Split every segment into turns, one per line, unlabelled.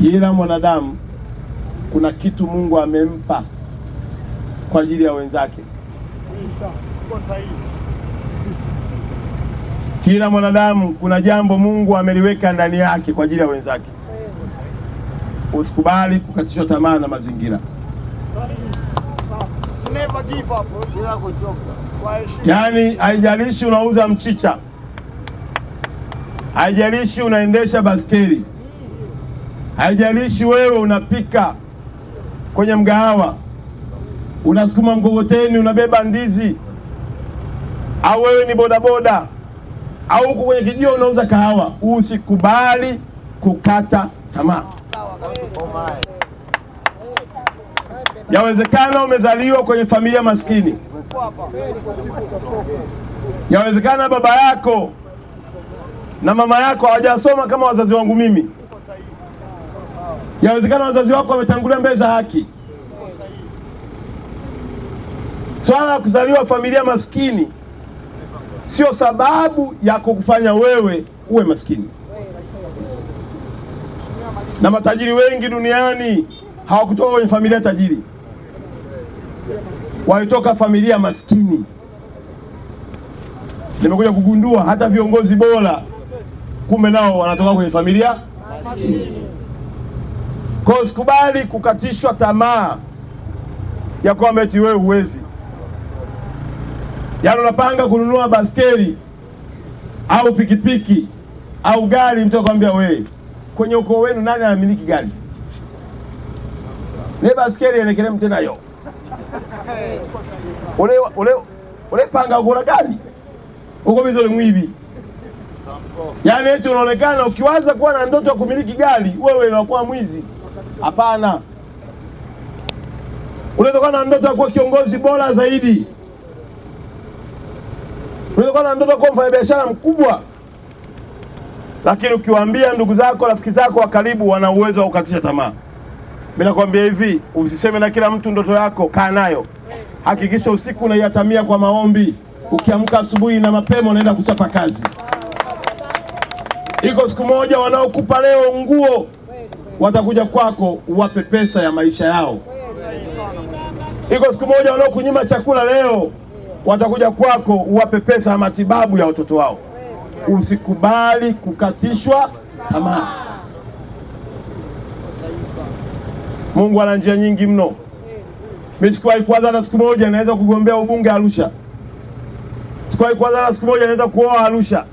Kila mwanadamu kuna kitu Mungu amempa kwa ajili ya wenzake. Kila mwanadamu kuna jambo Mungu ameliweka ndani yake kwa ajili ya wenzake. Usikubali kukatishwa tamaa na mazingira. Yaani, haijalishi unauza mchicha, haijalishi unaendesha baskeli Haijalishi wewe unapika kwenye mgahawa, unasukuma mkokoteni, unabeba ndizi, au wewe ni bodaboda, au uko kwenye kijio unauza kahawa, usikubali kukata tamaa. Yawezekana umezaliwa kwenye familia maskini, yawezekana baba yako na mama yako hawajasoma kama wazazi wangu mimi Yawezekana wazazi wako wametangulia mbele za haki. Swala la kuzaliwa familia maskini sio sababu ya kukufanya wewe uwe maskini. Na matajiri wengi duniani hawakutoka kwenye familia tajiri, walitoka familia maskini. Nimekuja kugundua hata viongozi bora kumbe nao wanatoka kwenye familia maskini. Kwa hiyo sikubali kukatishwa tamaa ya kwamba eti wewe huwezi, yaani unapanga kununua baskeli au pikipiki au gari, mtu akwambia wewe, kwenye ukoo wenu nani anamiliki gari? ni baskeli yenekelemu tena yo ulepanga kula gari uko ukomizole mwivi yaani eti unaonekana ukiwaza kuwa na ndoto ya kumiliki gari, wewe unakuwa mwizi. Hapana, unaweza kuwa na ndoto ya kuwa kiongozi bora zaidi, unaweza kuwa na ndoto ya kuwa mfanyabiashara mkubwa, lakini ukiwaambia ndugu zako, rafiki zako wa karibu, wana uwezo wa kukatisha tamaa. Mimi nakwambia hivi, usiseme na kila mtu ndoto yako, kaa nayo, hakikisha usiku unaiatamia kwa maombi, ukiamka asubuhi na mapema unaenda kuchapa kazi. Iko siku moja wanaokupa leo nguo watakuja kwako uwape pesa ya maisha yao. Iko siku moja wanaokunyima chakula leo watakuja kwako uwape pesa ya matibabu ya watoto wao. Usikubali kukatishwa tamaa. Mungu ana njia nyingi mno. Mimi sikuwahi kuwaza hata siku moja naweza kugombea ubunge Arusha. Sikuwahi kuwaza hata siku moja naweza kuoa Arusha,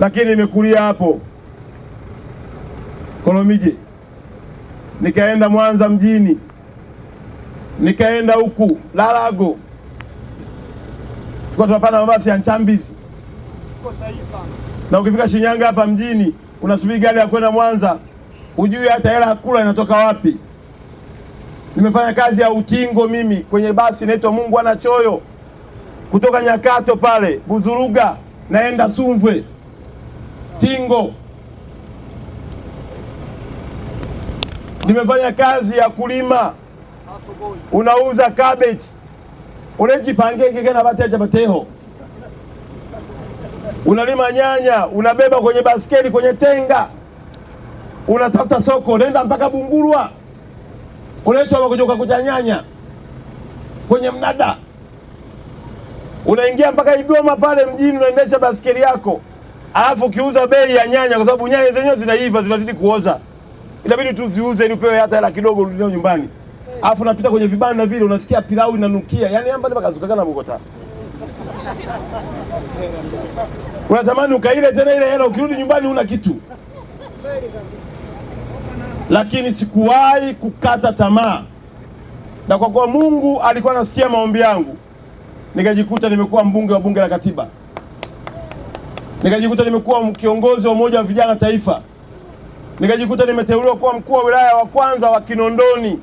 lakini nimekulia hapo. Kolomije, nikaenda Mwanza mjini, nikaenda huku Lalago, tulikuwa tunapanda mabasi ya Nchambizi na ukifika Shinyanga hapa mjini unasubiri gari ya kwenda Mwanza, hujui hata hela ya kula inatoka wapi. Nimefanya kazi ya utingo mimi kwenye basi inaitwa Mungu ana choyo, kutoka Nyakato pale Buzuruga naenda Sumvwe tingo nimefanya kazi ya kulima, unauza cabbage unechipangeikikena vateja vateho, unalima nyanya, unabeba kwenye baskeli kwenye tenga, unatafuta soko, nenda mpaka Bungurwa unechoma kujoka nyanya kwenye mnada, unaingia mpaka Igoma pale mjini, unaendesha baskeli yako, alafu ukiuza bei ya nyanya, kwa sababu nyanya zenyewe zinaiva, zinazidi kuoza inabidi ziuze ili upewe hata hela kidogo urudi nayo nyumbani. Hmm. Alafu unapita kwenye vibanda vile unasikia pilau inanukia. Yaani hapa ndipo kazukaga na Bogota. Unatamani ukaile tena ile hela ukirudi nyumbani una kitu. Lakini sikuwahi kukata tamaa. Na kwa kuwa Mungu alikuwa anasikia maombi yangu, nikajikuta nimekuwa mbunge wa bunge la katiba, nikajikuta nimekuwa kiongozi wa umoja wa vijana taifa, nikajikuta nimeteuliwa kuwa mkuu wa wilaya wa kwanza wa Kinondoni,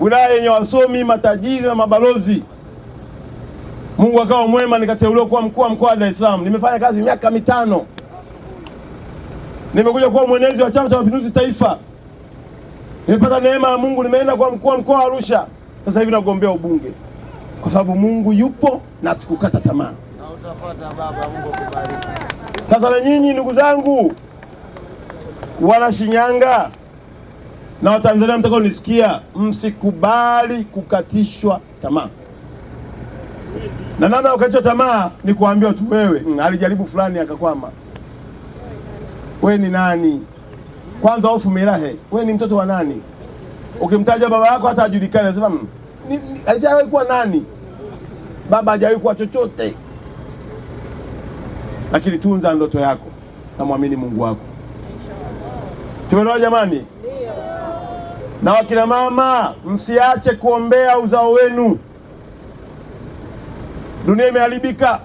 wilaya yenye wasomi, matajiri na mabalozi. Mungu akawa mwema, nikateuliwa kuwa mkuu wa mkoa wa Dar es Salaam. Nimefanya kazi miaka mitano. Nimekuja kuwa mwenezi wa Chama cha Mapinduzi Taifa. Nimepata neema ya Mungu, nimeenda kuwa mkuu wa mkoa wa Arusha. Sasa hivi nagombea ubunge kwa sababu Mungu yupo na sikukata tamaa. Sasa na nyinyi ndugu zangu wala Shinyanga na Watanzania mtakaonisikia, msikubali kukatishwa tamaa. Na namna ya kukatishwa tamaa ni kuambiwa tu, wewe mm, alijaribu fulani akakwama, Wewe ni nani? Kwanza mirahe wewe ni mtoto wa nani? Ukimtaja baba yako hata ajulikane, nasema mm, alishawahi kuwa nani? Baba hajawahi kuwa chochote. Lakini tunza ndoto yako na mwamini Mungu wako. Tumeelewa jamani? Na wakina mama, msiache kuombea uzao wenu. Dunia imeharibika.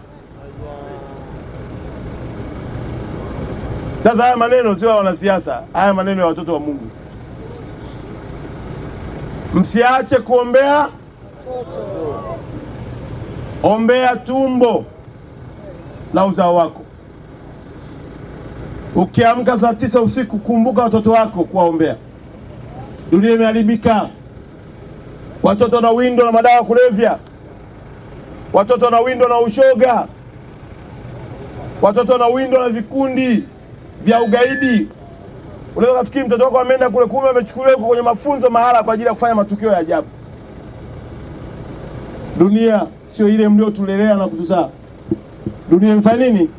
Sasa haya maneno sio ya wanasiasa, haya maneno ya watoto wa Mungu. Msiache kuombea ombea tumbo la uzao wako. Ukiamka saa tisa usiku, kumbuka watoto wako kuwaombea. Dunia imeharibika, watoto na windo na madawa kulevya, watoto na windo na ushoga, watoto na windo na vikundi vya ugaidi. Unaweza kafikiri mtoto wako ameenda kule, kumbe amechukuliwa huko kwenye mafunzo mahala kwa ajili ya kufanya matukio ya ajabu. Dunia sio ile mliotulelea na kutuzaa. Dunia imefanya nini?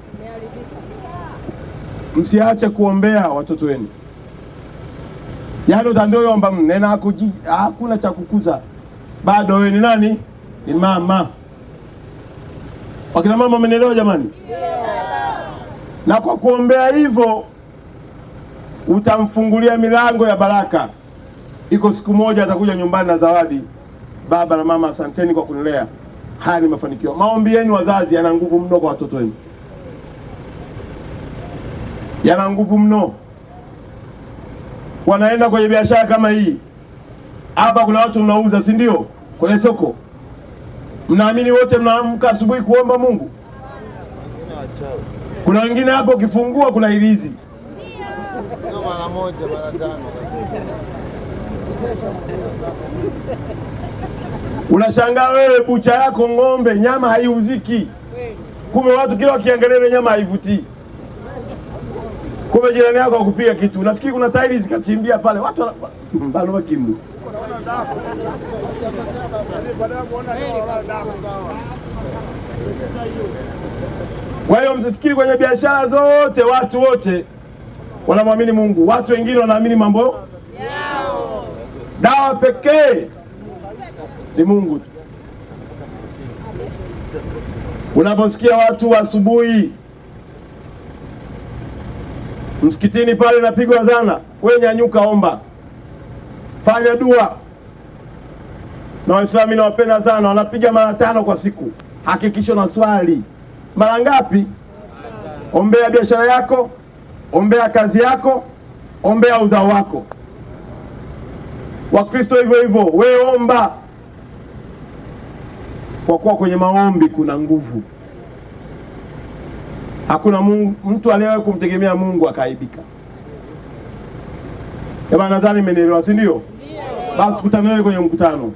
msiache kuombea watoto wenu. yalo yaani tandoyomba mnena akuji hakuna cha kukuza bado, wewe ni nani? Ni mama. Wakina mama, mmenielewa jamani? Na kwa kuombea hivyo utamfungulia milango ya baraka. Iko siku moja atakuja nyumbani na zawadi, baba na mama, asanteni kwa kunilea. Haya ni mafanikio. Maombi yenu wazazi yana nguvu mno kwa watoto wenu yana nguvu mno, wanaenda kwenye biashara kama hii. Hapa kuna watu mnauza, si ndio? Kwenye soko mnaamini wote mnaamka asubuhi kuomba Mungu? Kuna wengine hapo ukifungua kuna ilizi mara moja mara tano Unashangaa wewe, bucha yako ng'ombe, nyama haiuziki, kumbe watu kila wakiangalia ile nyama haivutii. Kumbe jirani yako akupiga kitu, nafikiri kuna tairi zikachimbia pale watu baloma kimdu kwa hiyo msifikiri kwenye biashara zote watu wote wanamwamini Mungu. Watu wengine wanaamini mambo yao. Dawa pekee ni Mungu tu. Unaposikia watu asubuhi wa msikitini pale napigwa dhana, we nyanyuka, omba, fanya dua. Na Waislamu nawapenda sana, wanapiga mara tano kwa siku, hakikisha na swali. Mara ngapi? Ombea biashara yako, ombea kazi yako, ombea uzao wako. Wakristo hivyo hivyo, we omba, kwa kuwa kwenye maombi kuna nguvu. Hakuna Mungu, mtu aliyewahi kumtegemea Mungu akaibika. Nadhani mmenielewa, si ndio? Basi tukutane kwenye mkutano.